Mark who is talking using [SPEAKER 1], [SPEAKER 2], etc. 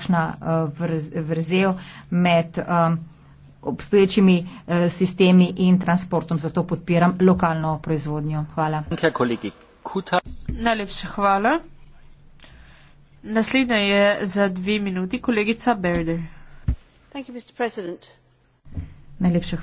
[SPEAKER 1] kakšna eh, vrzel med eh, obstoječimi eh, sistemi in transportom. Zato podpiram lokalno proizvodnjo. Hvala.
[SPEAKER 2] Najlepša hvala. Naslednja je za dve minuti kolegica Berder.
[SPEAKER 3] Najlepša hvala.